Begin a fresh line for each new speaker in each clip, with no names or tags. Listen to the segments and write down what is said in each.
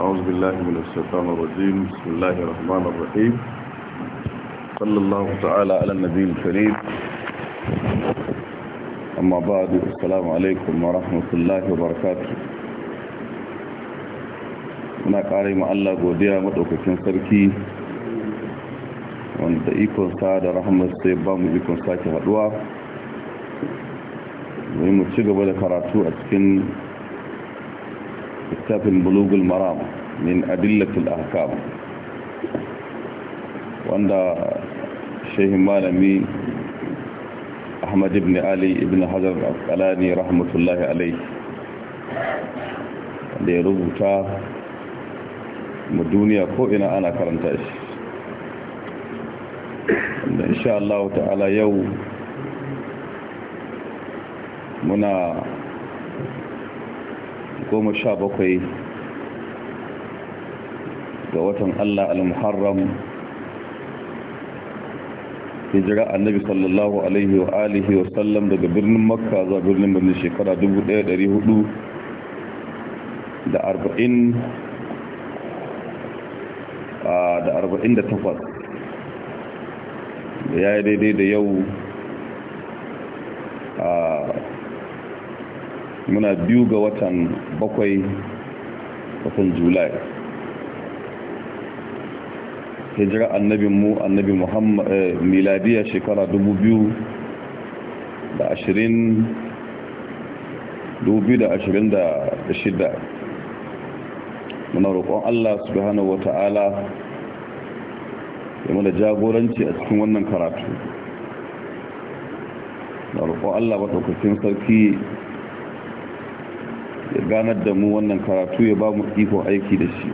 أعوذ بالله من الشيطان الرجيم بسم الله الرحمن الرحيم صلى الله تعالى على النبي الكريم أما بعد السلام عليكم ورحمة الله وبركاته muna ƙara ma Allah godiya maɗaukakin sarki wanda ikonsa da rahamar sai ba ikon sake haɗuwa zai mu ci gaba da karatu a cikin littafin bulugul maram min adillatul wanda shehin malami ahmad ali ibn hajar al-asqalani rahmatullahi alayhi da ya rubuta mu duniya ko ana karanta shi da insha ta'ala yau muna goma sha bakwai ga watan Allah al-Muharram hijira annabi sallallahu alaihi wa alihi wa sallam daga birnin makka zuwa birnin birnin shekara 1400 da 40 da 48 da ya yi daidai da yau muna biyu ga watan bakwai watan julai hijira annabin mu annabi muhammad eh, miladiya shekara dubu biyu da ashirin dubu da ashirin da shida muna roƙon allah subhanahu wa ta'ala ya mana jagoranci a cikin wannan karatu na roƙon allah maɗaukakin sarki ganar da mu wannan karatu ya ba mu ikon aiki da shi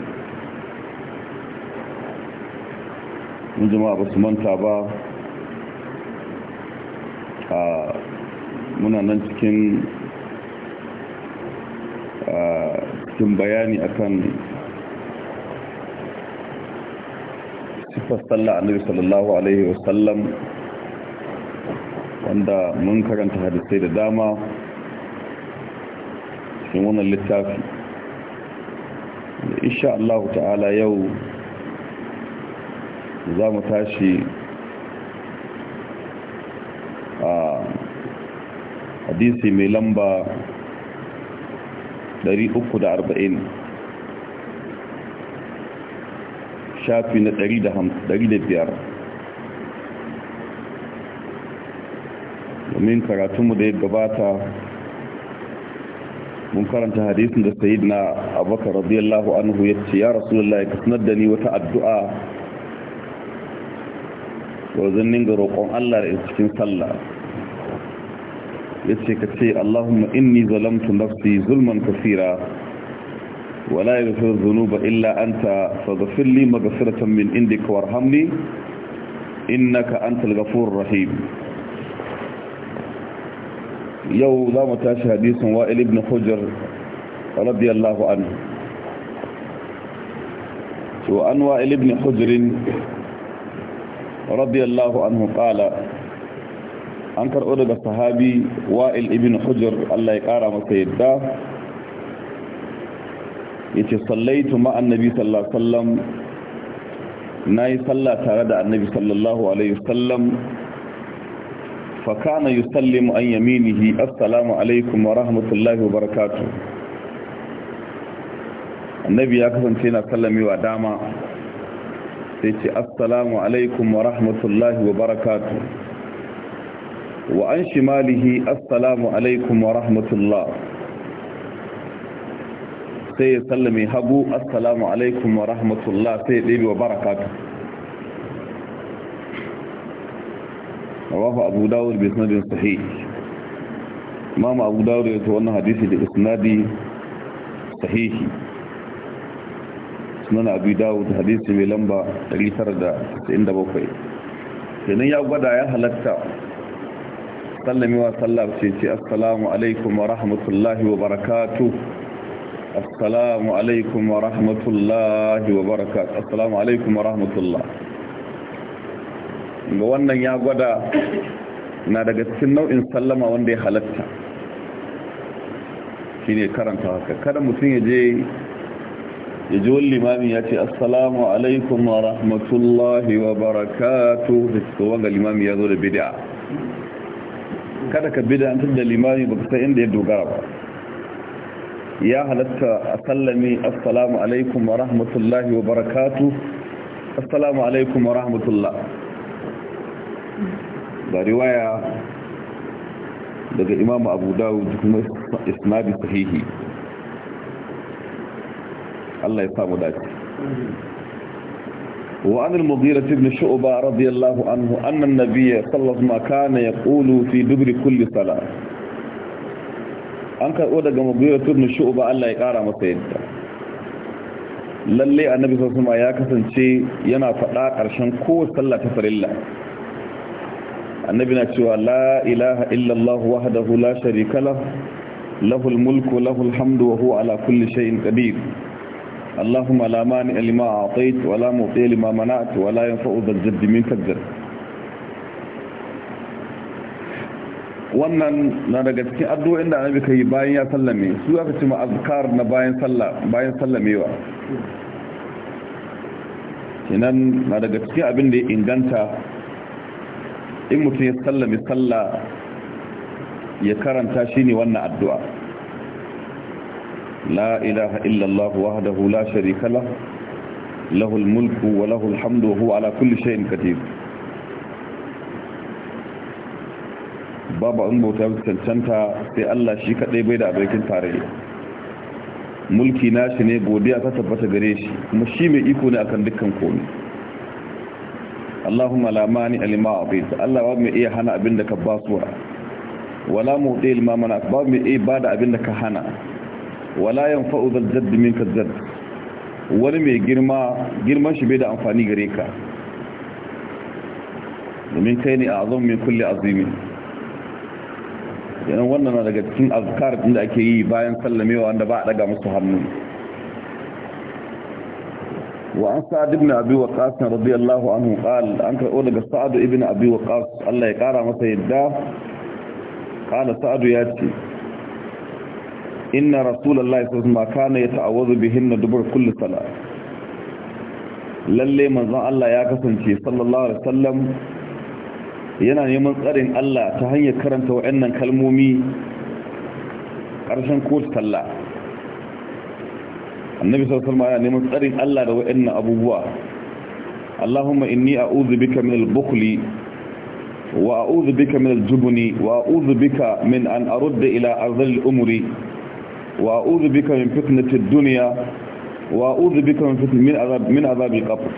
mun jama'a ba su manta ba a muna nan cikin cikin bayani akan sifar sallah annabi sallallahu alaihi wasallam wanda mun karanta hadisai da dama cikin wannan littafi insha Allah ta'ala yau za mu tashi a hadisi mai lamba 340 shafi na biyar domin karatunmu da ya gabata mun karanta hadisin da sayyidina abubakar radiyallahu anhu ya ce ya rasulullah ya kasnar da ni wata addu'a wajen ninga roƙon Allah da cikin sallah ya ce ka ce Allahumma inni zalamtu nafsi zulman kasira ولا يغفر الذنوب إلا أنت min لي مغفرة من عندك وارحمني إنك أنت الغفور rahim?" yau za mu tashi hadisin wa'il ibn hujjar radiyallahu anhu to an wa'il ibn hujrin radiyallahu anhu qala an karɓo daga sahabi wa'il ibn hujjar Allah ya ƙara masa yadda ya ce sallaitu ma annabi sallallahu alaihi wasallam na yi salla tare da annabi sallallahu alaihi wasallam fakana yusallimu an yaminihi assalamu alaikum wa rahmatullahi wa barakatuh annabi ya kasance na sallamewa dama sai ce assalamu alaikum wa rahmatullahi wa barakatuh wa an shimalihi assalamu alaikum wa rahmatullah sai ya sallame hagu wa sai ya wa rawahu abu dawud bi sanadin sahih imam abu dawud ya ce wannan hadisi da isnadi sahihi sunan abu dawud hadisi mai lamba 997 kenan ya gwada ya halarta, sallamewa sallar ce ce assalamu alaikum wa rahmatullahi wa barakatu assalamu alaikum wa rahmatullahi wa barakatu alaikum wa rahmatullahi ga wannan ya gwada na daga cikin nau'in sallama wanda ya halatta shi ne karanta haka kada mutum ya je ya ji wani limamin ya ce assalamu alaikum wa rahmatullahi wa barakatu da cikin wanga limami ya zo da bida kada ka bida an da limami ba kusa inda ya dogara ba ya halatta a sallami assalamu alaikum wa rahmatullahi wa barakatu assalamu alaikum wa rahmatullahi da riwaya daga imamu abu dawo kuma isnadi sahihi Allah ya samu dace وعن المغيرة بن شعبة رضي الله عنه أن النبي صلى الله عليه وسلم كان يقول في دبر كل صلاة أنك أودك مغيرة بن شعبة الله يقارى مسيدة للي النبي صلى الله عليه وسلم ya kasance شيء ينا فقاك عشان كو صلاة فرلة annabi na cewa la ilaha illallah wahdahu la sharika lahu lahul mulku lahul hamdu wa huwa ala kulli shay'in qadir mani لا a'tayt wa la ولا معطي mana't wa la yanfa'u dhal jadd منك الجد wannan na daga cikin addu'o'in da annabi kai bayan ya sallame su aka ci ma azkar na bayan sallah bayan sallamewa kenan na daga cikin abin da ya inganta in mutum ya sallami salla ya karanta shi ne wannan addu'a la ilaha illallah wahdahu la sharika lah lahul mulku wa lahul hamdu wa huwa ala kulli shay'in qadir babu an bauta cancanta sai Allah shi kadai bai da abokin tarayya mulki nashi ne godiya ta tabbata gare shi kuma shi mai iko ne akan dukkan komai Allahumma la mani alima abit Allah ba mai iya hana abin da ka basuwa wala mu'ti alima mana ba mai iya bada abin da ka hana wala yanfa'u dhal jadd minka jadd wani mai girma girman shi bai da amfani gare ka domin kai ne a azon min kulli azimi yanan wannan na daga cikin azkar da ake yi bayan sallamewa wanda ba a daga musu hannu wa sa'ad ibn abi waqas radiyallahu anhu qala an ka'u daga sa'ad ibn abi waqas Allah ya kara masa yadda qala sa'ad yati inna rasulullahi sallallahu alaihi wasallam kana yata'awadhu bihin dubur Allah ya kasance sallallahu alaihi wasallam yana neman tsarin Allah ta hanyar karanta waɗannan kalmomi ƙarshen kotu sallah annabi sallallahu alaihi wasallam neman tsarin Allah da waɗannan abubuwa Allahumma inni a'udhu bika min al-bukhli wa a'udhu bika min al-jubni wa a'udhu bika min an arudda ila ardhil umri wa a'udhu bika min fitnati ad-dunya wa a'udhu bika min fitnati min azab min azab al-qabr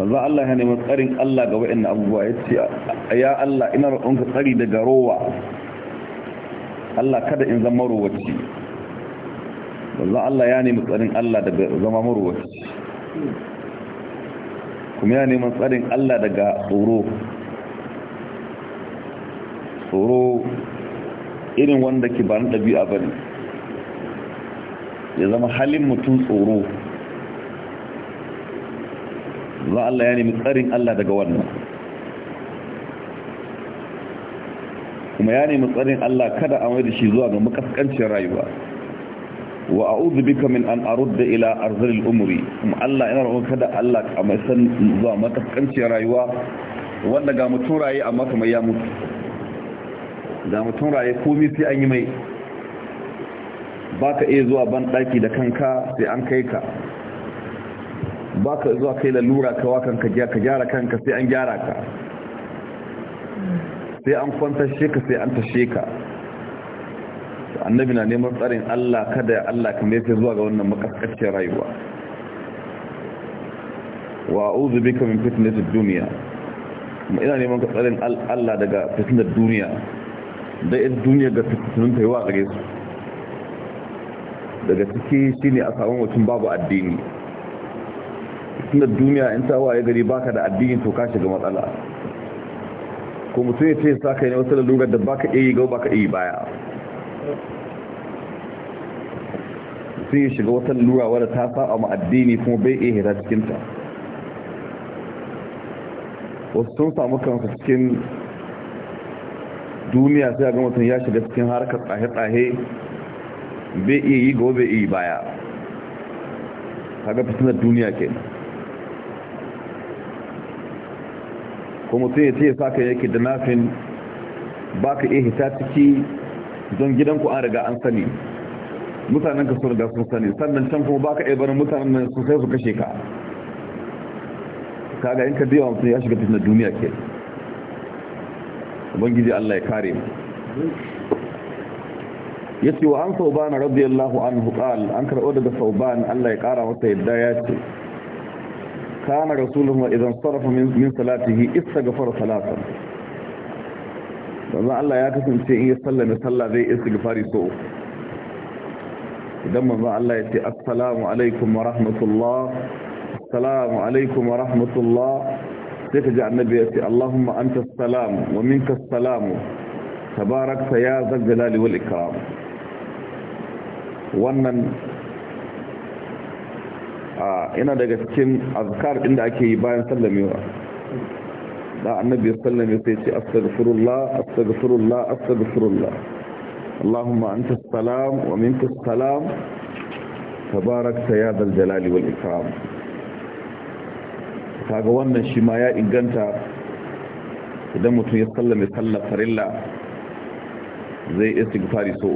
manzo Allah ya neman tsarin Allah ga waɗannan abubuwa yace ya Allah ina roƙonka tsari daga rowa Allah kada in zama rowaci wallo Allah ya nemi tsarin Allah daga zama murwa kuma ya nemi tsarin Allah daga tsoro tsoro irin wanda ke ba na ɗabi'a ba ya zama halin mutum tsoro za Allah ya nemi tsarin Allah daga wannan kuma ya nemi tsarin Allah kada a mai da shi zuwa ga makaskancin rayuwa wa a'udhu bika min an arudda ila arzalil umri kuma Allah ina roƙon kada Allah ka mai san zuwa matakanciyar rayuwa wanda ga mutum raye amma kamar ya mutu ga mutum raye komai sai an yi mai baka iya zuwa ban daki da kanka sai an kai ka baka zuwa kai lalura ka wa kanka ka gyara kanka sai an gyara ka sai an kwantar sheka sai an tashe ka annabi na neman tsarin Allah kada Allah ka mai zuwa ga wannan makaskacin rayuwa wa a'udhu bika min fitnatid dunya ina neman ka tsarin Allah daga fitnar duniya da ita duniya ga fitnun ta wa gare su daga ciki shine a samu mutum babu addini fitnar duniya in ta waye gari baka da addini to ka shiga matsala ko mutum ya ce sa kai ne wasu lalurar da baka iya yi gaba baka iya baya sai ya shiga wata lura wadda ta saba ma addini kuma bai iya hira cikinta wasu sun samu kansu cikin duniya sai ga mutum ya shiga cikin harkar tsahe-tsahe bai iya yi gaba bai iya baya kaga fitinar duniya ke ko mutum ya ce sa ka yake da nafin ba ka iya hita ciki don gidanku an riga an sani mutanen ka da sun sani sannan can kuma baka iya barin mutanen nan su sai su kashe ka ga in ka biya mutum ya shiga fitnar duniya ke ubangiji Allah ya kare mu ce wa an sau ba na anhu qal an karɓo daga na Allah ya kara masa yadda ya ce kana wa idan sarrafa min min isa istaghfara salatan dan Allah ya kasance in ya sallame sallah zai fari so idan manzon Allah ya ce assalamu alaikum wa rahmatullah assalamu alaikum wa rahmatullah sai ka ji annabi ya ce Allahumma anta assalam wa minka salam tabarakta ya zaljalali wal ikram wannan ina daga cikin azkar inda ake yi bayan sallamewa da annabi sallallahu alaihi wasallam sai ce astaghfirullah astaghfirullah astaghfirullah ta أنت السلام ومنك السلام تبارك يا ذا الجلال والإكرام kaga wannan shi ma ya inganta idan mutum ya tsalla mai tsalla farilla zai istighfari so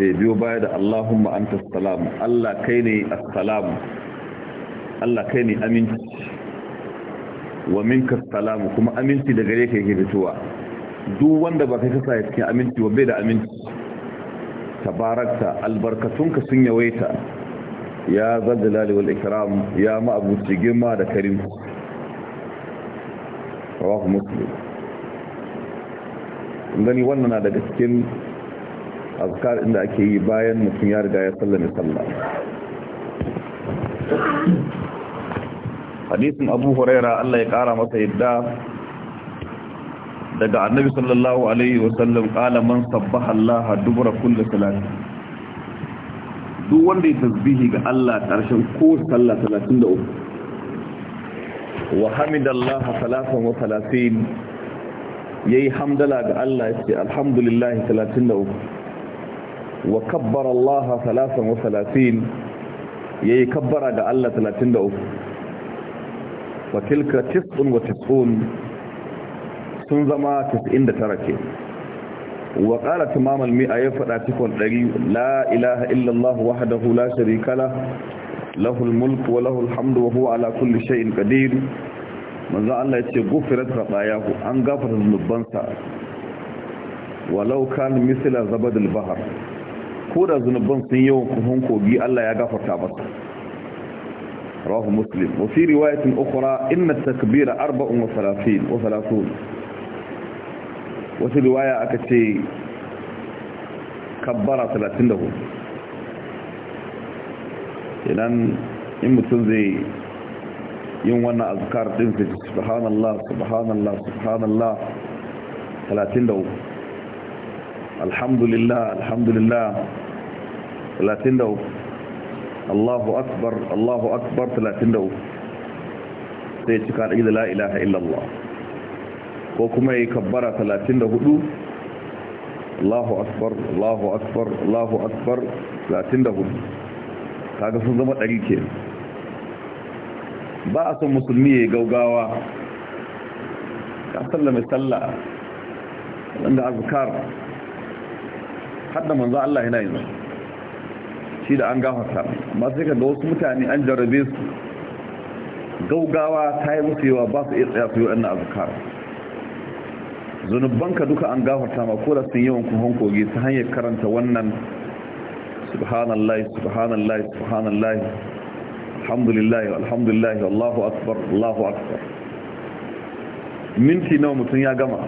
sai biyo baya da Allahumma anta salam Allah kai ne assalam Allah kai ne aminci wa minka salam kuma aminci da gare ka yake fitowa duk wanda ba kai kasa ya cikin aminci bai da aminci tabarakta albarkatunka sun yawaita ya zaddalali wal ikram ya ma'abuci girma da karim rawahu muslim gani wannan na daga cikin azkar inda ake yi bayan mutum ya riga ya sallame sallah hadisin abu huraira Allah ya kara masa yadda daga annabi sallallahu alaihi wasallam qala man sabbaha Allah dubra kulli salati duk wanda ya tasbihi ga Allah karshen ko sallah 33 wa hamidallaha salatan wa salatin yayi hamdala ga Allah yace alhamdulillah 33 wa kabbara Allah salatan wa salatin yayi kabbara ga Allah 33 wa tilka 99 sun zama 99 ke wa ƙara tumamal mai a ya faɗa cikon ɗari la ilaha illallah wahadahu la sharikala lahul mulku wa lahul hamdu wa huwa ala kulli shay'in qadir manzo Allah yace gufirat khatayahu an gafarta zunubansa walau kan misla zabadul bahr ko da zunuban sun yawan kuhun kogi Allah ya gafarta masa rawahu muslim wa fi riwayatin ukhra inna at-takbira 34 wa 30 wasu riwaya aka ce kabbara 34 idan in mutum zai yin wannan azkar din sai subhanallah subhanallah subhanallah alhamdulillah alhamdulillah 33 Allahu akbar Allahu akbar 33 sai cika da la ilaha illallah ko kuma yi kabbara 34 Allahu akbar Allahu akbar Allahu akbar 34 kaga sun zama ɗari ke ba a son musulmi ya yi gaugawa ka sallame sallah wanda azkar hadda manzo Allah yana yin shi da an gafarta amma sai ka ga wasu mutane an jarabe su gaugawa ta yi musu yawa ba su iya tsaya su yi wannan azkar ka duka an gafarta ma ko da sun yi wanku hankogi ta hanyar karanta wannan subhanallah, subhanallah, subhanallah. alhamdulillahi alhamdulillahi allahu akbar allahu akbar minti nawa mutum ya gama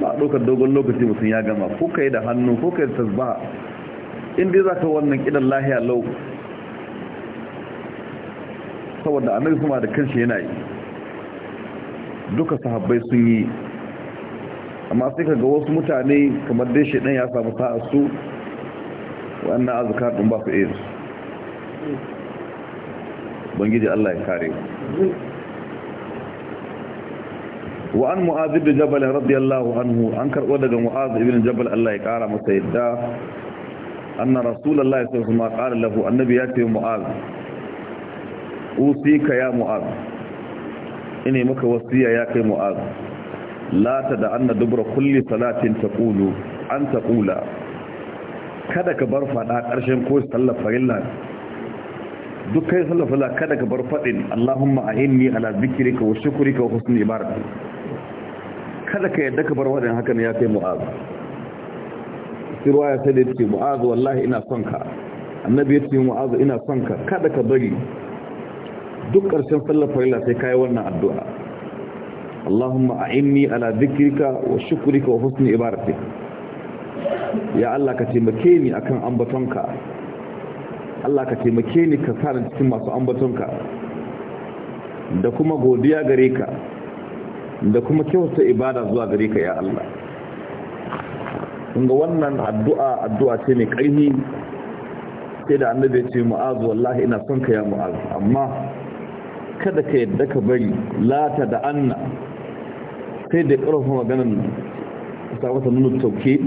ba a ɗaukar dogon lokaci mutum ya gama ko kai da hannu ko kai da tasbaha in dai za ka wannan kidan lahiya lau saboda annabi kuma da kanshi yana yi duka sahabbai sun yi amma sai ka ga wasu mutane kamar dai shi ya samu sa'a su wannan azkar din ba su iya su bangiji Allah ya kare wa an mu'az ibn jabal radiyallahu anhu an karbo daga mu'az ibn jabal Allah ya kara masa yadda anna rasulullahi sallallahu alaihi wasallam qala lahu annabi ya ce mu'az usika ya mu'az ina maka wasiya ya kai mu'az la ta da anna dubra kulli salatin taqulu an taqula kada ka bar fada karshen ko sallar farilla duk kai sallar farilla kada ka bar fadin Allahumma ahinni ala zikrika wa shukrika wa husni ibadati kada ka yadda ka bar wadan hakan ya kai mu'az sirwa ya sai da ce mu'az wallahi ina son ka annabi ya ce mu'az ina son ka kada ka bari duk ƙarshen sallar farila sai kayi wannan addu'a Allahumma a'inni ala dhikrika wa shukrika wa husni ibadatik ya Allah ka taimake ni akan ambatonka Allah ka taimake ni ka sa cikin masu ambatonka da kuma godiya gare ka da kuma kyauta ibada zuwa gare ka ya Allah kunga wannan addu'a addu'a ce mai ƙarfi sai da annabi ya ce mu'azu wallahi ina son ka ya mu'azu amma kada ka yadda ka bari lata da anna sai da ƙarfa maganin ta nuna tauke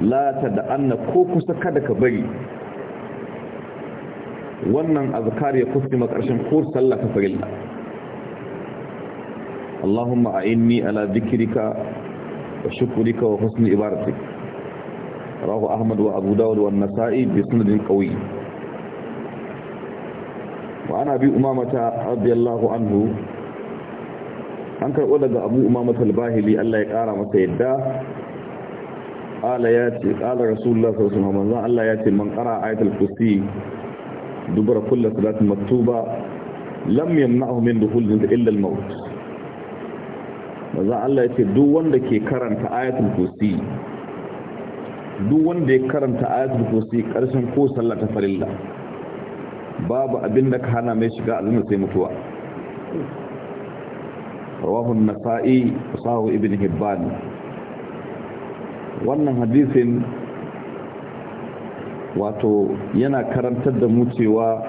lata da anna ko kusa kada ka bari wannan azkar ya kusa ma ƙarshen ko sallah ka farilla Allahumma a'inni ala dhikrika wa shukrika wa husni ibadatik rawahu ahmad wa abu dawud wa nasai وعن أبي أمامة رضي الله عنه an karɓo daga abu umamata albahili Allah ya ƙara masa yadda ƙala ya ce ƙala rasulullah sarsu hamazan Allah ya ce man ƙara ayatul kursi dubara kulla salatin maktuba lam yamna'ahu min dukhulin illa al-maut maza Allah ya ce duk wanda ke karanta ayatul kursi duk ya karanta ayatul kursi ko sallah ta farilla babu abin da ka hana mai shiga aljanna sai mutuwa rawahu an-nasa'i sahu ibn hibban wannan hadisin wato yana karantar da mu cewa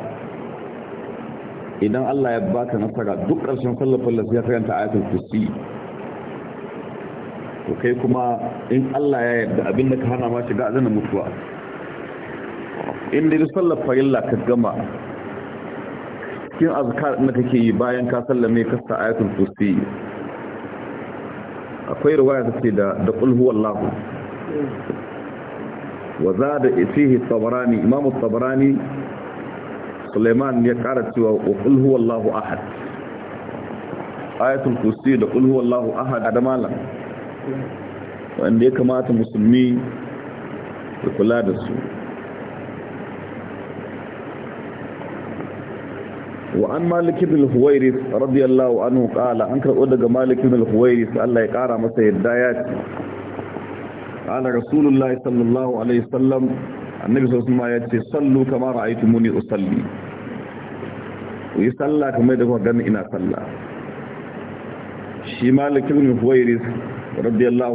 idan Allah ya baka nasara duk ƙarshen sallafin lafi ya karanta ayatul kursi to kai kuma in Allah ya yarda abin ka hana ma shiga azana mutuwa inda ya sallar farilla ka gama cikin azkar na kake yi bayan ka sallame ka sa ayatul kursi akwai riwaya ta ce da da qul huwallahu wa zada fihi tabarani imam tabarani Sulaiman ya kara cewa wa qul huwallahu ahad ayatul kursi da qul huwallahu ahad da malam wanda ya kamata musulmi ya kula da su وعن مالك بن الحويرث رضي الله عنه قال ان كرو daga مالك بن Allah ya kara masa yadda ya ci قال رسول sallallahu alaihi الله عليه وسلم النبي ya ce sallu kama ra'aytumuni usalli yi salla kamar da kuma gani ina salla shi مالك بن الحويرث رضي الله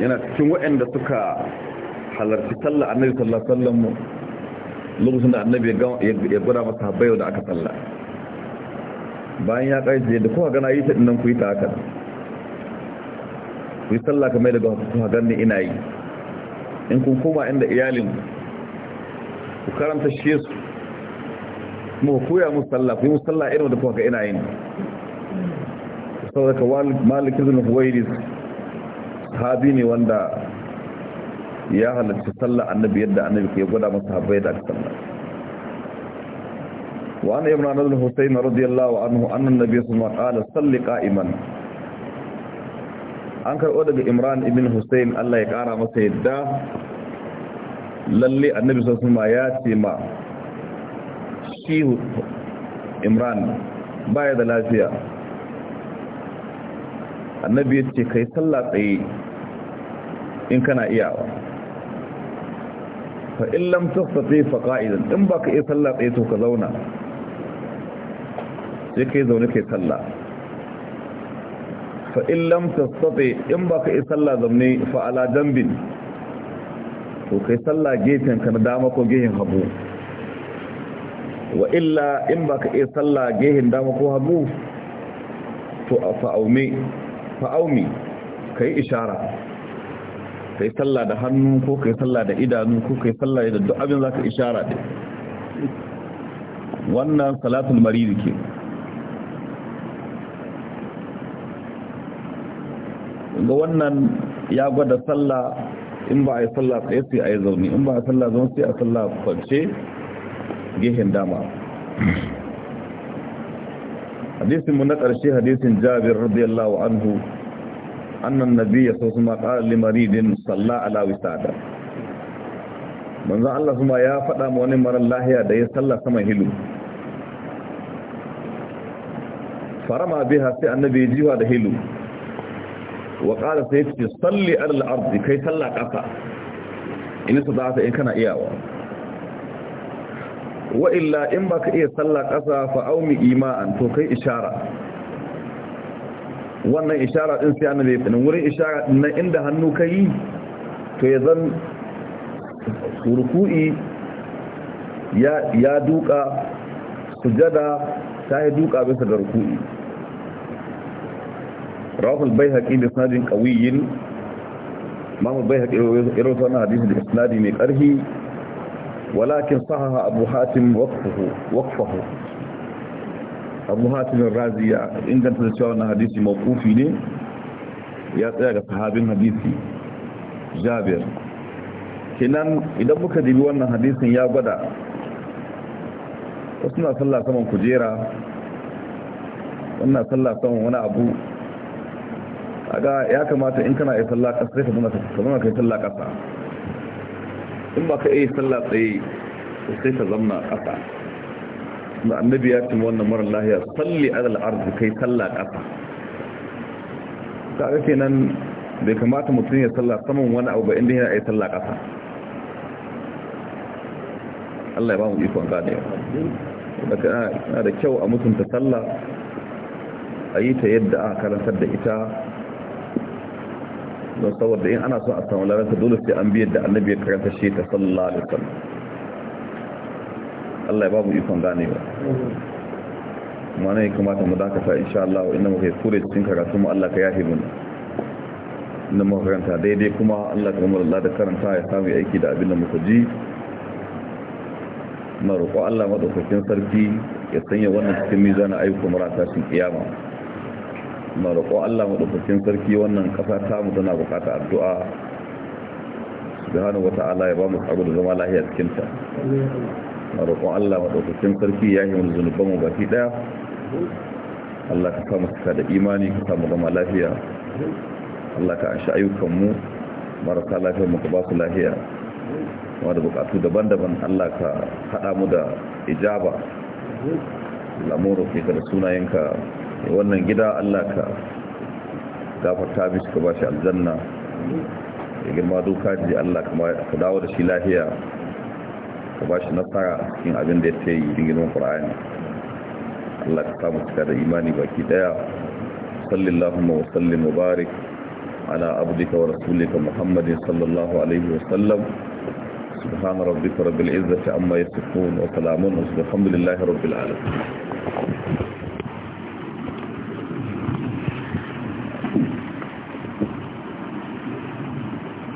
yana cikin waɗanda suka halarci sallar annabi sallallahu alaihi wasallam lokacin da annabi ya gwada masa habayau da aka tsalla bayan ya ƙarfi da kuma gana yi ta ɗinan ku yi ta haka ku yi tsalla kamar daga kuma ganin ina yi in kun koma inda iyalin ku karanta shi su kuma ku koya musu tsalla ku yi musu tsalla irin da kuma ga ina yin da ka malikin zunubu wairis sahabi ne wanda ya halarci sallah annabi yadda annabi ke gwada masa habbai da sallah wa an ibn anadul husayn radiyallahu anhu annan nabi sallallahu alaihi wasallam salli qa'iman an karɓo daga imran ibn husayn Allah ya ƙara masa yadda lalle annabi sallallahu alaihi wasallam ya ce ma shi imran baya da lafiya annabi ya ce kai sallah tsaye in kana iyawa fa in lam tastati fa qa'idan in baka iya sallah tsaye to ka zauna sai kai zaune kai sallah fa in lam tastati in baka iya sallah zamne fa ala dambin to kai sallah gefen ka na dama ko gehen hagu wa illa in baka iya sallah gehen dama ko hagu to fa aumi fa aumi kai isharar ka yi sallah da hannu ko ka yi sallah da idanu ko ka yi sallah da duk abin za ka ishara ɗin wannan salatul maridi ke ga wannan ya gwada sallah in ba a yi sallah tsaye sai a yi zaune in ba a sallah zaune sai a sallah kwance gehen dama hadisin mu na ƙarshe hadisin jabir radiyallahu anhu annan nabiya sau suma ƙarar limaridin salla ala wisada manzan Allah suma ya faɗa ma wani marar lahiya da ya salla saman hilu farama biha sai annabi jiwa da hilu wa ƙara sai ce salli alal arzi kai salla ƙasa in su za ta in kana iyawa wa illa in ba ka iya salla ƙasa fa'aumi ima'an to kai ishara wannan ishara din sai annabi ya wurin ishara din nan inda hannu yi to ya zan ruku'i ya ya duka sujada ta yi duka bisa da ruku'i rawul bayhaqi da sanadin qawiyyin imam bayhaqi irin wannan hadisi da isnadi mai ƙarfi walakin sahaha abu hatim waqfuhu waqfuhu abu hatimin razi ya inganta da cewa wannan hadisi mawkufi ne ya tsaya ga sahabin hadisi jabir kenan idan muka dibi wannan hadisin ya gwada wasu na sallah saman kujera wannan sallah saman wani abu aga ya kamata in kana yi sallah ƙasa sai ka zama ka yi sallah ƙasa in ba ka yi sallah tsaye sai ka zama ƙasa na annabi ya ce wannan marar lahiya salli alal arzi kai salla ƙasa ta ake nan bai kamata mutum ya salla saman wani abu ba inda yana yi salla ƙasa Allah ya ba mu ikon gane yana da kyau a mutunta salla a yi ta yadda aka karantar da ita don saboda in ana so a samu larasa dole sai an biyar da annabi ya karanta shi ta sallallahu da wasallam Allah ya babu ikon ganewa mana ya kamata mu dakata insha Allah inna kure cikin karatu mu Allah ka karanta daidai kuma Allah ka umar Allah da karanta ya samu aiki da abin da muka ji na roƙo Allah madaukakin sarki ya sanya wannan cikin mizanin kiyama na roƙo Allah madaukakin sarki wannan ta mu tana bukata addu'a subhanahu wata'ala ya ba mu tsaro da zama lahiya cikin ta na roƙon Allah maɗaukacin sarki ya yi wani zunuban mu baki ɗaya Allah ka kama suka da imani ka samu gama lafiya Allah ka ashe ayyukanmu marasa lafiyar mu ka ba su lafiya kuma da bukatu daban-daban Allah ka haɗa mu da ijaba lamoro ke ka da sunayenka wannan gida Allah ka gafarta bisu suka ba shi aljanna ya girma doka ji Allah ka dawo da shi lafiya ka ba shi nasara a cikin abin da ya ce yi rigimin ƙura'ani Allah ka samu cika da imani baki daya sallallahumma wa sallim wa barik ala abdika wa rasulika muhammadin sallallahu alaihi wa sallam subhana rabbika rabbil izzati amma yasifun wa salamun alhamdulillahi rabbil alamin